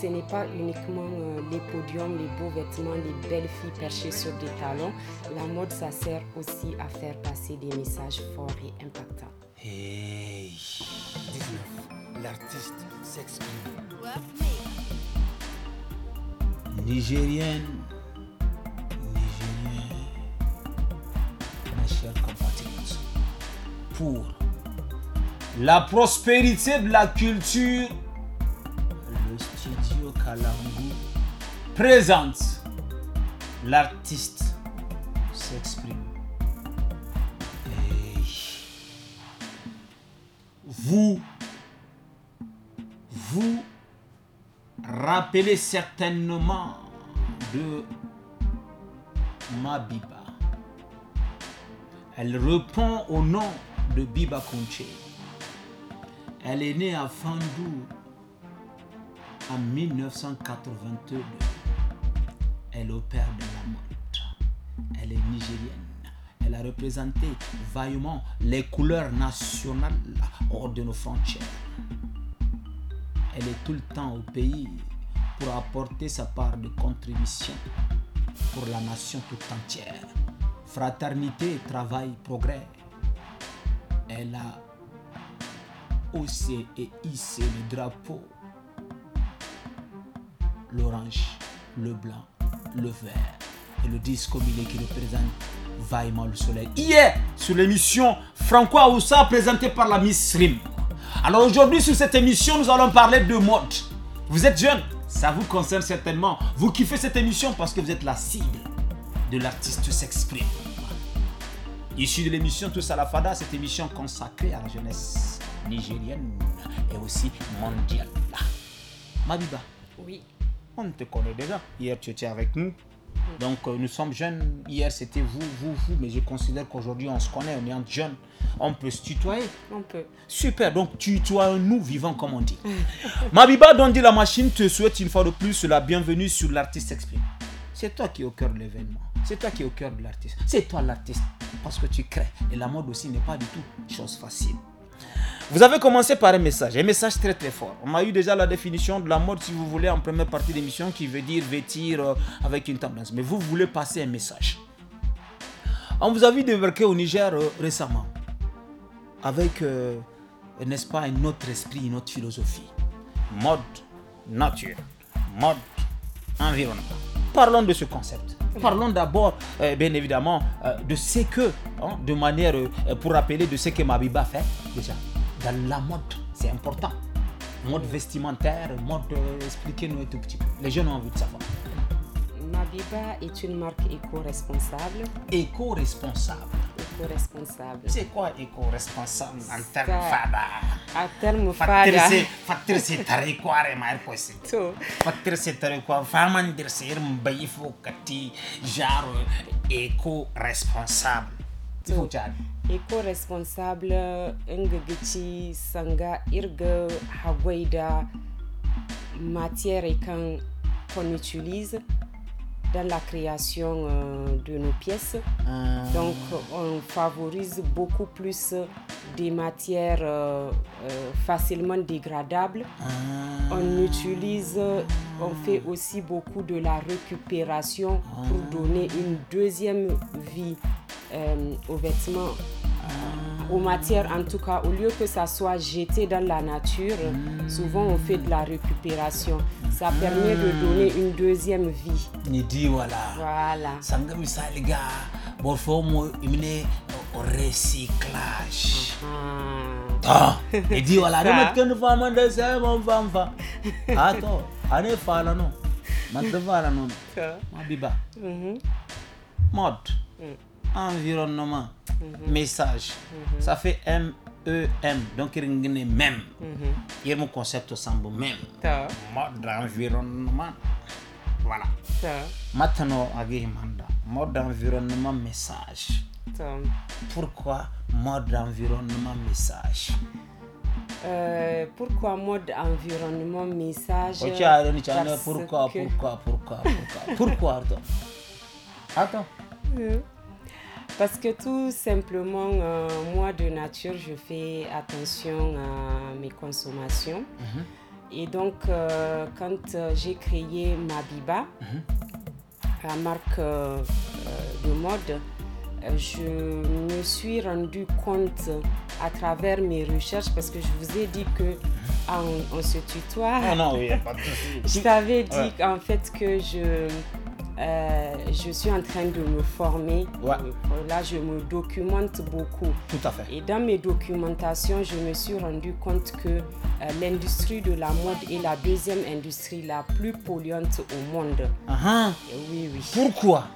ce n'est pas uniquement euh, les podiums, les beaux vêtements, les belles filles perchées sur des talons. La mode, ça sert aussi à faire passer des messages forts et impactants. Hey. 19. L'artiste s'exprime. Nigérienne, Nigérienne. Ma chère pour la prospérité de la culture présente, l'artiste s'exprime. vous, vous rappelez certainement de ma Biba. Elle répond au nom de Biba Conche. Elle est née à Fandou en 1982. Elle père de la mode. Elle est nigérienne. Elle a représenté vaillamment les couleurs nationales hors de nos frontières. Elle est tout le temps au pays pour apporter sa part de contribution pour la nation toute entière. Fraternité, travail, progrès. Elle a haussé et hissé le drapeau, l'orange, le blanc le verre et le disque au qui représente vaillement le soleil. Hier, sur l'émission Franco Aoussa présentée par la Miss Srim. Alors aujourd'hui, sur cette émission, nous allons parler de mode. Vous êtes jeune, ça vous concerne certainement. Vous kiffez cette émission parce que vous êtes la cible de l'artiste s'exprime. Issu de l'émission Tous à la Fada, cette émission consacrée à la jeunesse nigérienne et aussi mondiale. Mabiba. Oui on te connaît déjà. Hier, tu étais avec nous. Donc, euh, nous sommes jeunes. Hier, c'était vous, vous, vous. Mais je considère qu'aujourd'hui, on se connaît, on est jeunes. On peut se tutoyer. On peut. Super. Donc, tutoyons-nous vivants, comme on dit. Mabiba Dondi La Machine te souhaite une fois de plus la bienvenue sur l'artiste exprime. C'est toi qui es au cœur de l'événement. C'est toi qui es au cœur de l'artiste. C'est toi l'artiste. Parce que tu crées. Et la mode aussi n'est pas du tout chose facile. Vous avez commencé par un message, un message très très fort. On a eu déjà la définition de la mode, si vous voulez, en première partie d'émission, qui veut dire vêtir euh, avec une tendance. Mais vous voulez passer un message. On vous a vu débarquer au Niger euh, récemment, avec, euh, n'est-ce pas, un autre esprit, une autre philosophie. Mode, nature, mode, environnement. Parlons de ce concept. Parlons d'abord, bien évidemment, de ce que, hein, de manière, pour rappeler, de ce que Mabiba fait déjà la mode, c'est important. Mode vestimentaire, mode. Euh, expliquez-nous un tout petit peu. Les jeunes ont envie de savoir. Mabiba est une marque éco-responsable. Éco-responsable. Éco-responsable. C'est quoi éco-responsable en termes fada En termes fada. c'est se tare kware ma quoi? Facteur c'est Fatir quoi? tare kwa faman c'est un ir mbayi kati genre éco-responsable éco responsable sanga irga Hawaïda matières matière qu'on utilise dans la création euh, de nos pièces. Ah. Donc on favorise beaucoup plus des matières euh, euh, facilement dégradables. Ah. On utilise, on fait aussi beaucoup de la récupération pour ah. donner une deuxième vie euh, aux vêtements, euh, aux matières en tout cas, au lieu que ça soit jeté dans la nature, mm. souvent on fait de la récupération. Ça permet de mm. donner une deuxième vie. Ni Voilà. voilà. Voilà. Sanga misali ga, borfomo imine recyclage. Ah, ni dit voilà. Ne que qu'une femme de ça, mon femme va. Attends, allez faire la non. Maintenant voilà non. Ma biba. Mm-hmm. Mode. Mm environnement mhm. message mhm. ça fait m E M. donc il y a même. Mhm. Il y a mon concept semble même. Mode environnement. Voilà. Maintenant, Agimanda, mode environnement, message. Pourquoi mode d'environnement message euh, pourquoi mode environnement message pourquoi, pourquoi pourquoi pourquoi pourquoi attends attends parce que tout simplement, euh, moi de nature, je fais attention à mes consommations. Mhm. Et donc, euh, quand euh, j'ai créé Mabiba, mhm. la marque de mode, je me suis rendu compte à travers mes recherches, parce que je vous ai dit que mhm. en se tutoie. Ah non, oui, Je t'avais dit en fait que je euh, je suis en train de me former. Là, je me documente beaucoup. Tout à fait. Et dans mes documentations, je me suis rendu compte que euh, l'industrie de la mode est la deuxième industrie la plus polluante au monde. Ah, ah. Oui, oui. Pourquoi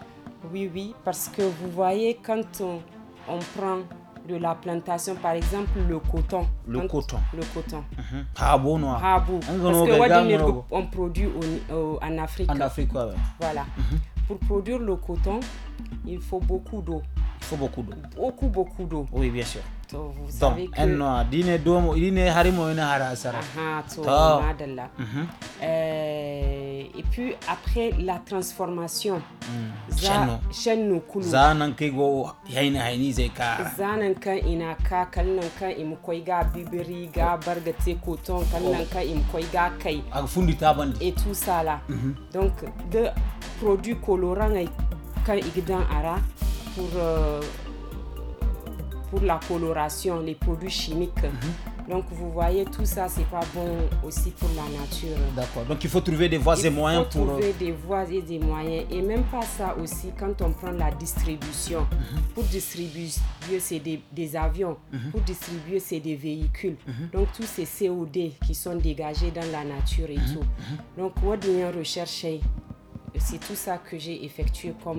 Oui, oui, parce que vous voyez, quand on, on prend de la plantation, par exemple le coton. Le coton. Le coton. Habo mm -hmm. Parce que Wadinergo, on produit au, en Afrique. En Afrique, Voilà. Mhm. Pour produire le coton, il faut beaucoup d'eau. Il faut beaucoup d'eau. Beaucoup, beaucoup d'eau. Oui, bien sûr. Donc, vous savez Donc, que... Donc, il y a harimo, il y a harasara. Ah, madalla. Euh, pu après la transformation mm. za shannu kulu zanan kai go yayin haini zai ka zanan kan ina ka kallan kan im koi ga bibiri ga bargate koton kallan oh. kan im ga kai et tout ça là mhm. donc de produits colorants kan igdan ara pour euh, pour la coloration les produits chimiques mhm. Donc vous voyez, tout ça, c'est pas bon aussi pour la nature. D'accord. Donc il faut trouver des voies et et moyens pour. Il faut trouver des voies et des moyens. Et même pas ça aussi, quand on prend la distribution, mhm. pour distribuer, c'est des, avions, mhm. pour distribuer, c'est des véhicules. Mhm. Donc tous ces COD qui sont dégagés dans la nature et tout. Donc, on doit rechercher hein, c'est tout ça que j'ai effectué euh,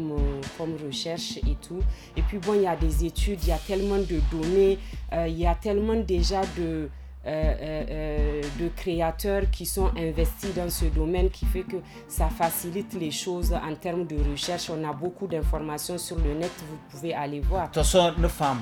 comme, recherche et tout. Et puis bon, il y a des études, il y a tellement de données, euh, il y a tellement déjà de, euh, de créateurs qui sont investis dans ce domaine qui fait que ça facilite les choses en termes de recherche. On a beaucoup d'informations sur le net, vous pouvez aller voir. toute façon, nos femmes.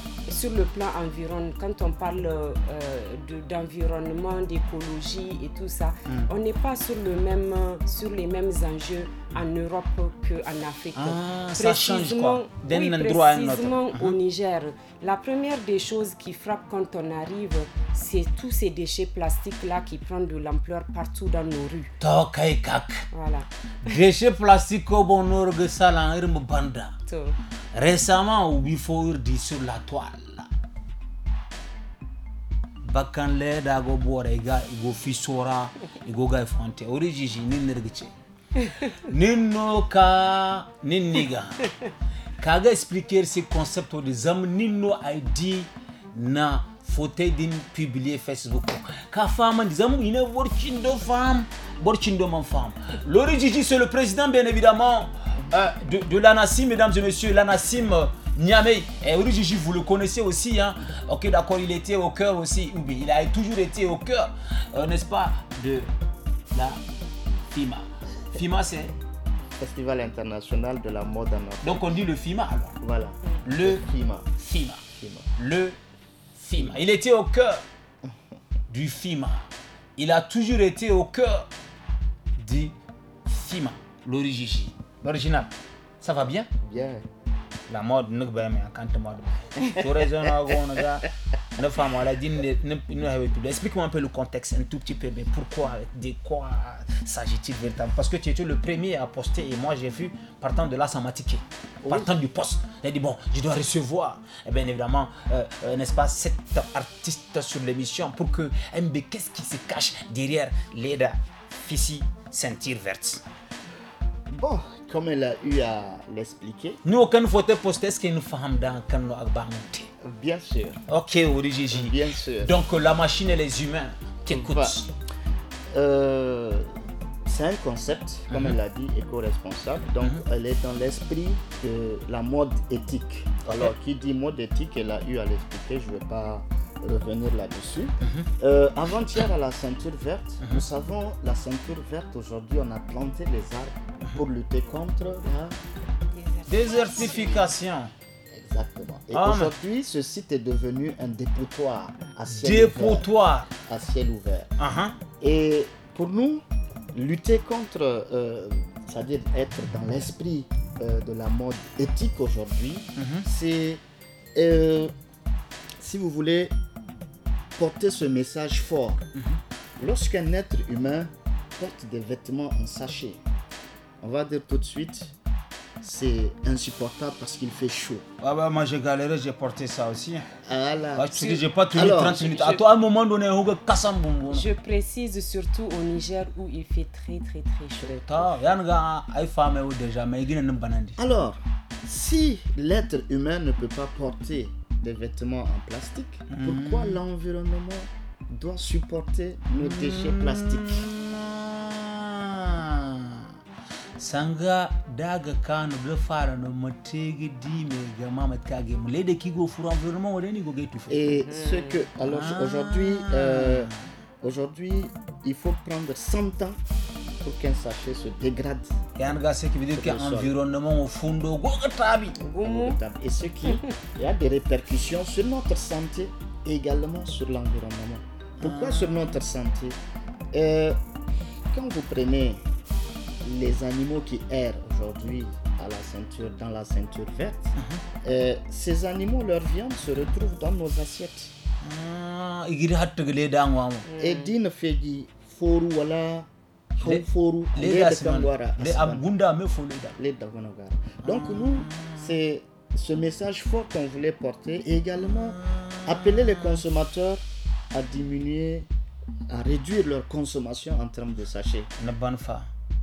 sur le plan environnement, quand on parle euh, d'environnement, d'écologie et tout ça, mm. on n'est pas sur, le même, sur les mêmes enjeux en Europe qu'en Afrique. Ah, ça change quoi oui, endroit à un autre. Précisément uh-huh. au Niger, la première des choses qui frappe quand on arrive, c'est tous ces déchets plastiques-là qui prennent de l'ampleur partout dans nos rues. Tokay kak. Voilà. Déchets plastiques au bon orgue salan banda. Récemment, ou bifo dit sur la toile. Bakan da go bore ga go fisora go ga fronte origi ni nergiche. Nino ka niniga kaga expliquer ce concept de zam Nino a dit na fauteuil din publier facebook ka di zam ina borcindo fam borcindo man fam lori c'est le président bien évidemment euh, de, de l'ANASIM, mesdames et messieurs, l'ANASIM euh, Niamey. Et Uri vous le connaissez aussi. Hein? Ok, d'accord, il était au cœur aussi. Oui, il a toujours été au cœur, euh, n'est-ce pas, de la FIMA. FIMA, c'est Festival international de la mode en Afrique. Donc on dit le FIMA alors. Voilà. Le FIMA. FIMA. Le FIMA. Il était au cœur du FIMA. Il a toujours été au cœur du FIMA. L'origine. L'original. Ça va bien Bien. La mode, nous, ben, mais quand mode. Tu raisonnes, Une elle a dit, explique-moi un peu le contexte, un tout petit peu, mais pourquoi, de quoi s'agit-il véritablement Parce que tu étais le premier à poster et moi j'ai vu, partant de là, ça m'a Partant du poste, a dit, bon, je dois recevoir, et bien évidemment, euh, euh, n'est-ce pas, cet artiste sur l'émission pour que MB, qu'est-ce qui se cache derrière Leda Fissi Sentir Verte Bon, comme elle a eu à l'expliquer. Nous, aucun faut poster, ce qu'une femme dans, quand nous Bien sûr. Ok, origi. Bien sûr. Donc euh, la machine et les humains t'écoutent. Euh, c'est un concept, comme mhm. elle l'a dit, éco-responsable. Donc, mhm. elle est dans l'esprit de la mode éthique. Alors, qui dit mode éthique, elle a eu à l'expliquer, je ne vais pas revenir là-dessus. Mhm. Euh, avant-hier, à la ceinture verte, nous savons, la ceinture verte, aujourd'hui, on a planté les arbres pour lutter contre la désertification aujourd'hui, ce site est devenu un dépotoir à ciel dépotoir. ouvert. À ciel ouvert. Uh-huh. Et pour nous, lutter contre, euh, c'est-à-dire être dans l'esprit euh, de la mode éthique aujourd'hui, uh-huh. c'est, euh, si vous voulez, porter ce message fort. Uh-huh. Lorsqu'un être humain porte des vêtements en sachet, on va dire tout de suite, c'est insupportable parce qu'il fait chaud. Ah bah moi j'ai galéré, j'ai porté ça aussi. Hein. Voilà. Ah, tu j'ai pas 30 minutes. Je... À toi, un moment donné, on hein. Je précise surtout au Niger où il fait très très très chaud. Alors, si l'être humain ne peut pas porter des vêtements en plastique, hmm. pourquoi l'environnement doit supporter nos déchets plastiques hmm sanga daga kano ble fara no matege dime ga lede kigo go gaitu et ce que alors ah. aujourd'hui euh, aujourd'hui il faut prendre 100 ans pour qu'un sachet se dégrade. Et un gars, ce qui veut dire que y a environnement au fond de Et ce qui il y a des répercussions sur notre santé également sur l'environnement. Pourquoi ah. sur notre santé euh, Quand vous prenez les animaux qui errent aujourd'hui à la ceinture, dans la ceinture verte, uh-huh. euh, ces animaux, leur viande se retrouve dans nos assiettes. Ah, et mm. dina fegi foru wala foru leda kangwara abunda me Les leda les Donc ah. nous c'est ce message fort qu'on voulait porter et également appeler les consommateurs à diminuer à réduire leur consommation en termes de sachets. une bonne chose.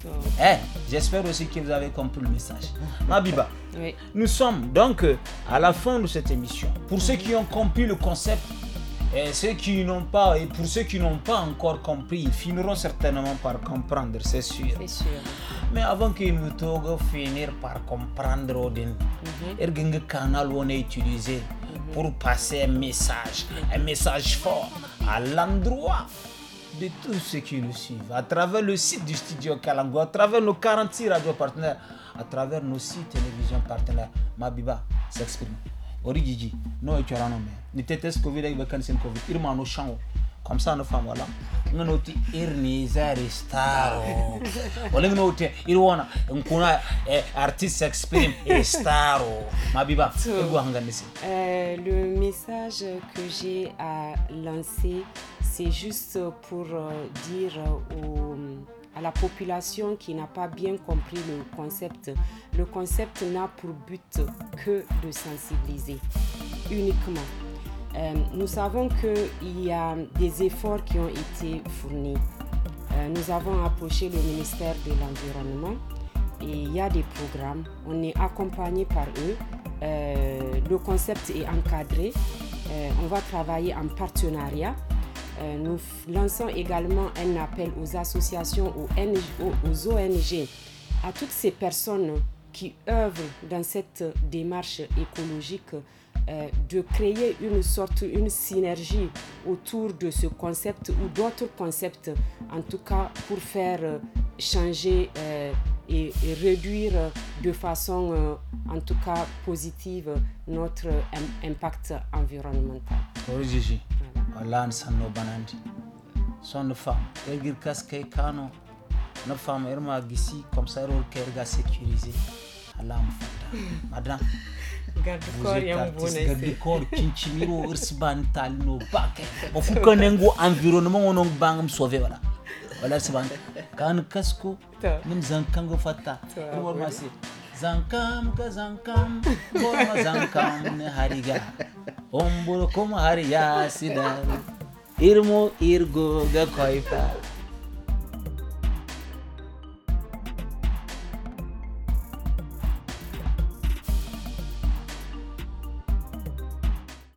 Oh. Eh, j'espère aussi que vous avez compris le message. Mabiba, nous sommes donc euh, à la fin de cette émission. Pour ceux qui ont compris le concept, et ceux qui n'ont pas, et pour ceux qui n'ont pas encore compris, ils finiront certainement par comprendre, c'est sûr. Mais avant qu'ils ne togo finir par comprendre, Odin, il y a canal où on est utilisé mhm. pour passer un message, un message fort à l'endroit de tous ceux qui nous suivent, à travers le site du studio Kalango, à travers nos 46 radios partenaires, à travers nos 6 télévisions partenaires. Mabiba s'exprime. Origigi, nous, tu as un nom. Nous, Covid, tu Covid, tu comme ça voilà. wala ngana uti est star wala ngana il dit nkuna un artiste s'exprime et star mabiba irwanganisi euh, le message que j'ai à lancer c'est juste pour euh, dire à la population qui n'a pas bien compris le concept. Le concept n'a pour but que de sensibiliser uniquement. Euh, nous savons qu'il y a des efforts qui ont été fournis. Euh, nous avons approché le ministère de l'Environnement et il y a des programmes. On est accompagné par eux. Euh, le concept est encadré. on va travailler en partenariat. nous lançons également un appel aux associations, aux ONG, à toutes ces personnes qui œuvrent dans cette démarche écologique euh, de créer une sorte, une synergie autour de ce concept ou d'autres concepts, en tout cas pour faire euh, changer euh, et, réduire de façon, en tout cas positive, notre impact environnemental. Voilà. na elles irma gisi comme ça irol kerga sécurisé alam fata madame gabikor yamubonetse gabikor kincimiro ursi ban tali no bake bafuka nengo environnement wono banga wala wala siban kan kasko nim zankango fata ko masi zankam ka zankam boma zankam ne hariga omburo kuma hariya sidar irmo irgo ga koifa